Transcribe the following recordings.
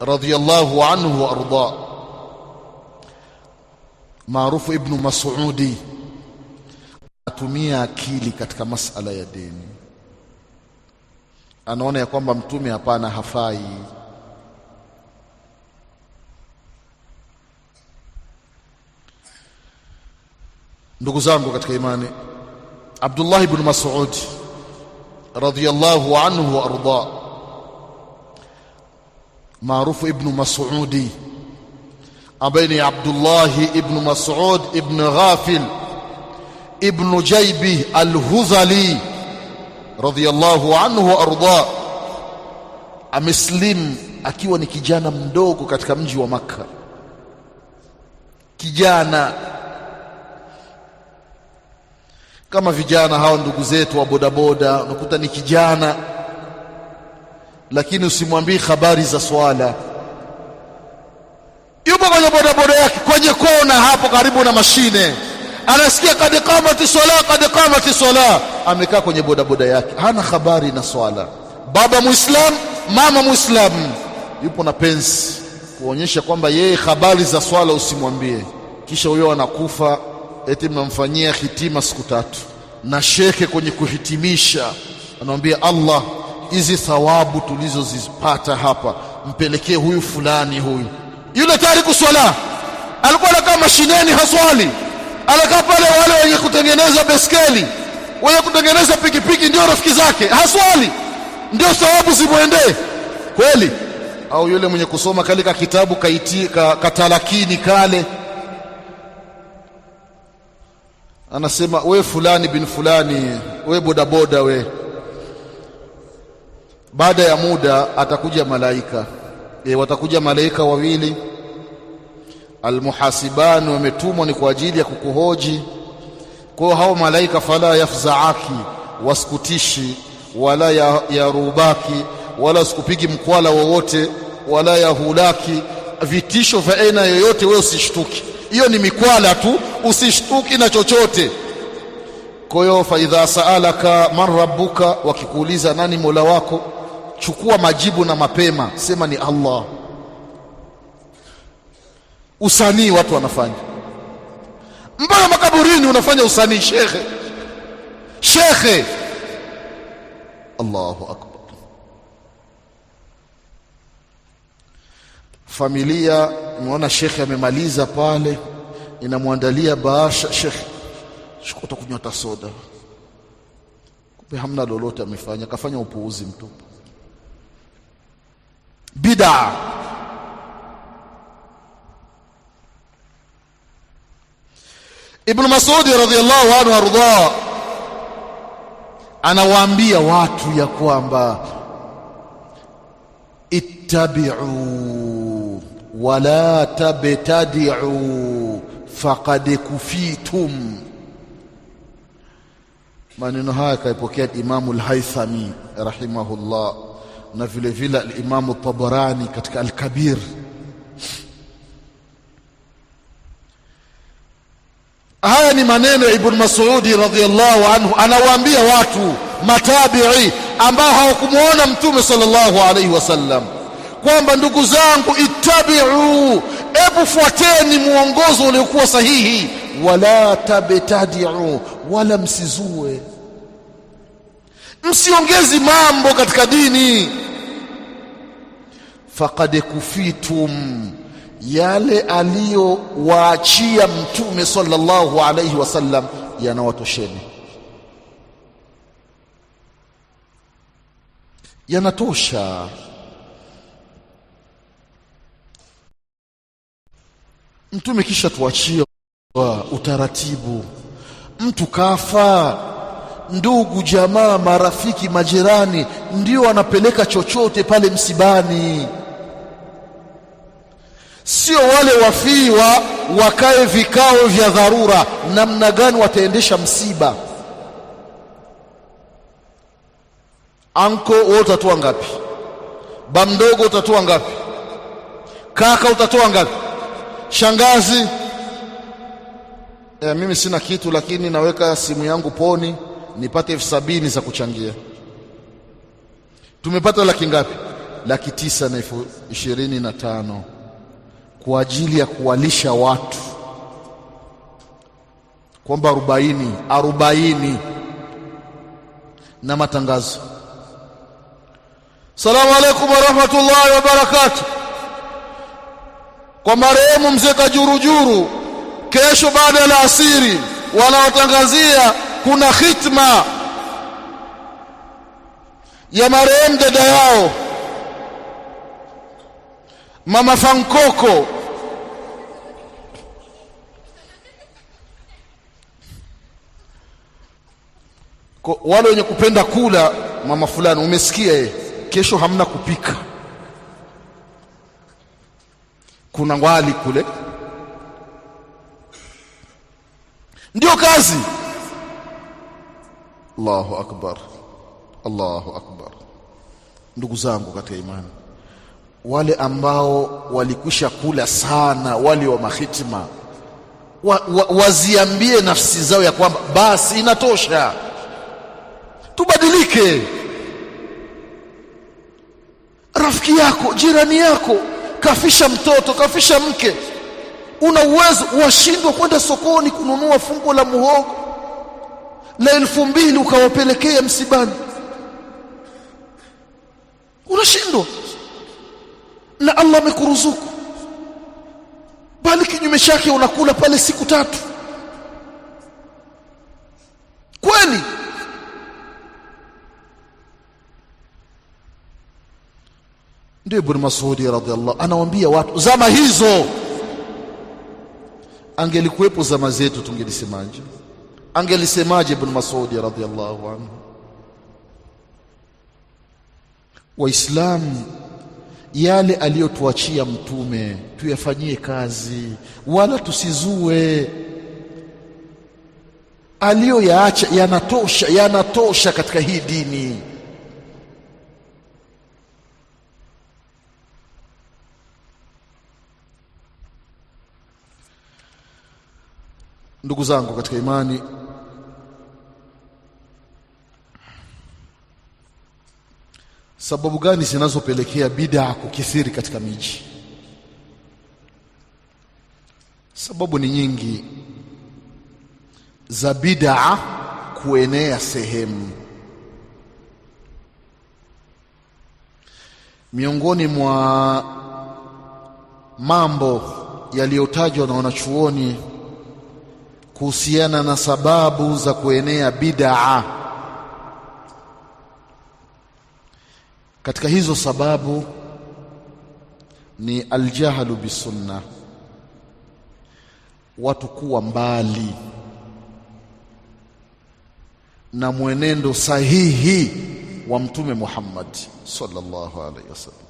radhiyallahu anhu arda maarufu ibn mas'udi atumia akili katika masala ya dini anaona ya kwamba mtume hapana hafai ndugu zangu katika imani Abdullah ibn Mas'ud radhiyallahu anhu wa arda maarufu Ibnu Mas'udi ambaye ni Abdullahi Ibnu Mas'ud Ibnu Ghafil Ibnu Jaibi Al-Hudhali radhiyallahu anhu wa arda, ameslim akiwa ni kijana mdogo katika mji wa Makka, kijana kama vijana hawa ndugu zetu wa bodaboda, unakuta ni kijana lakini usimwambie habari za swala. Yupo kwenye bodaboda yake kwenye kona hapo karibu na mashine, anasikia kad qamati swala, kad qamati swala, amekaa kwenye bodaboda yake, hana habari na swala. Baba Muislam, mama Muislam, yupo na pensi kuonyesha kwamba yeye habari za swala usimwambie. Kisha huyo anakufa, eti mnamfanyia hitima siku tatu, na shekhe kwenye kuhitimisha anamwambia Allah hizi thawabu tulizozipata hapa, mpelekee huyu fulani. Huyu yule tayari kuswala alikuwa anakaa mashineni haswali, anakaa pale. Wale wenye kutengeneza beskeli, wenye kutengeneza pikipiki ndio rafiki zake, haswali, ndio thawabu zimwendee kweli. Au yule mwenye kusoma ka kitabu kaiti, ka, katalakini kale anasema we fulani bin fulani, we bodaboda we baada ya muda atakuja malaika e, watakuja malaika wawili almuhasibani wametumwa ni kwa ajili ya kukuhoji kwa hao malaika fala yafzaaki wasikutishi wala yarubaki ya wala sikupigi mkwala wowote wala yahulaki vitisho vya aina yoyote wewe usishtuki hiyo ni mikwala tu usishtuki na chochote kwa hiyo faidha saalaka man rabbuka wakikuuliza nani mola wako chukua majibu na mapema, sema ni Allah. Usanii watu wanafanya mpaka makaburini, unafanya usanii shekhe, shekhe. Allahu akbar. Familia imeona shekhe amemaliza pale, inamwandalia baasha shekhe, shukuta kunywa soda, kumbe hamna lolote amefanya, akafanya upuuzi mtupu. بدع Ibn Masudi radhiallahu anhu arda anawaambia watu ya kwamba ittabi'u wala tabtadi'u faqad kufitum maneno haya kaipokea Imamu al-Haythami rahimahullah na vile vile alimamu Tabarani katika Alkabir. Haya ni maneno ya Ibn Masudi radhiyallahu anhu, anawaambia watu matabii ambao hawakumwona Mtume sallallahu alayhi wasallam kwamba ndugu zangu, ittabiu, ebu fuateni mwongozo uliokuwa sahihi, wala tabtadiu, wala msizue, msiongezi mambo katika dini faqad kufitum, yale aliyowaachia Mtume sallallahu alayhi wasallam yanawatosheni, yanatosha. Mtume kisha tuachie utaratibu, mtu kafa ndugu jamaa marafiki majirani ndio anapeleka chochote pale msibani sio wale wafiwa wakae vikao vya dharura, namna gani wataendesha msiba. Anko wewe utatoa ngapi? Ba mdogo utatoa ngapi? Kaka utatoa ngapi? Shangazi e, mimi sina kitu, lakini naweka simu yangu poni nipate elfu sabini za kuchangia. Tumepata laki ngapi? Laki tisa na elfu ishirini na tano kwa ajili ya kuwalisha watu kwamba arobaini arobaini na matangazo. Salamu alaykum wa rahmatullahi wa barakatuh. Kwa marehemu mzee Kajurujuru, kesho baada ya asiri wanaotangazia kuna hitma ya marehemu dada yao Mama Fankoko Kwa wale wenye kupenda kula, mama fulani umesikia ye, kesho hamna kupika. Kuna wali kule, ndio kazi. Allahu akbar, Allahu akbar. Ndugu zangu katika imani, wale ambao walikwisha kula sana, wale wa mahitima wa, wa, waziambie nafsi zao ya kwamba basi inatosha tubadilike rafiki yako jirani yako kafisha mtoto kafisha mke una uwezo washindwa kwenda sokoni kununua fungo la muhogo la elfu mbili ukawapelekea msibani unashindwa na Allah amekuruzuku bali kinyume chake unakula pale siku tatu Ndio Ibn Masudi radhiallahu anawambia watu zama hizo. Angelikuwepo zama zetu tungelisemaje? Angelisemaje Ibn Masudi radhiallahu anhu? waislam yale aliyotuachia Mtume tuyafanyie kazi, wala tusizue. Aliyoyaacha yanatosha, yanatosha katika hii dini. ndugu zangu katika imani sababu gani zinazopelekea bid'a kukithiri katika miji sababu ni nyingi za bid'a kuenea sehemu miongoni mwa mambo yaliyotajwa na wanachuoni kuhusiana na sababu za kuenea bid'a. Katika hizo sababu ni aljahlu bisunna, watu kuwa mbali na mwenendo sahihi wa Mtume Muhammad sallallahu alaihi wasallam.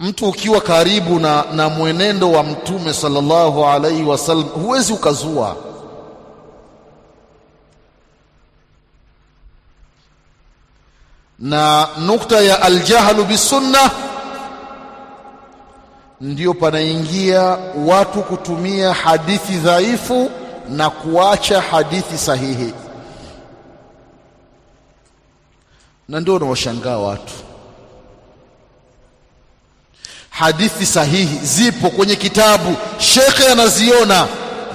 Mtu ukiwa karibu na, na mwenendo wa Mtume sallallahu alaihi wasallam huwezi ukazua na nukta ya aljahlu bisunna ndio panaingia watu kutumia hadithi dhaifu na kuacha hadithi sahihi, na ndio unawashangaa watu hadithi sahihi zipo kwenye kitabu, shekhe anaziona,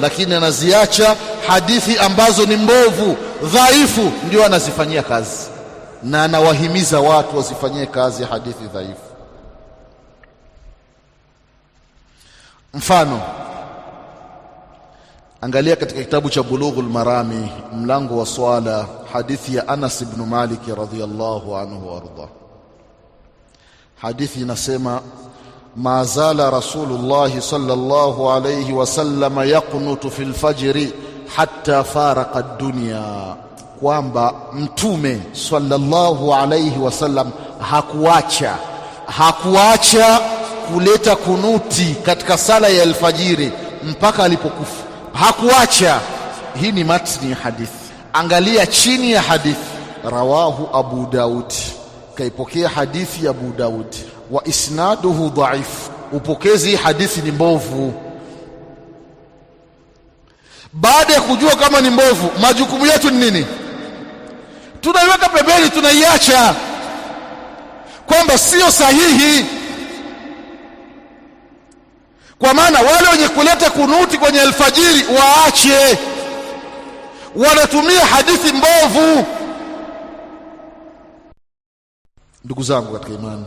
lakini anaziacha hadithi ambazo ni mbovu dhaifu, ndio anazifanyia kazi, na anawahimiza watu wasifanyie kazi hadithi dhaifu. Mfano, angalia katika kitabu cha Bulughul Marami, mlango wa swala, hadithi ya Anas ibn Malik radhiyallahu anhu warda. Hadithi inasema ما زال رسول الله صلى الله عليه وسلم يقنط في الفجر حتى فارق kwamba mtume sallallahu alaihi wasallam hakuacha hakuacha kuleta kunuti katika sala ya alfajiri mpaka alipokufa hakuacha hii ni matni ya hadithi angalia chini ya hadithi rawahu abu daudi kaipokea hadithi ya abu daudi wa isnaduhu dhaifu, upokezi hadithi ni mbovu. Baada ya kujua kama ni mbovu, majukumu yetu ni nini? Tunaiweka pembeni, tunaiacha kwamba sio sahihi. Kwa maana wale wenye kuleta kunuti kwenye alfajiri waache, wanatumia hadithi mbovu. Ndugu zangu katika imani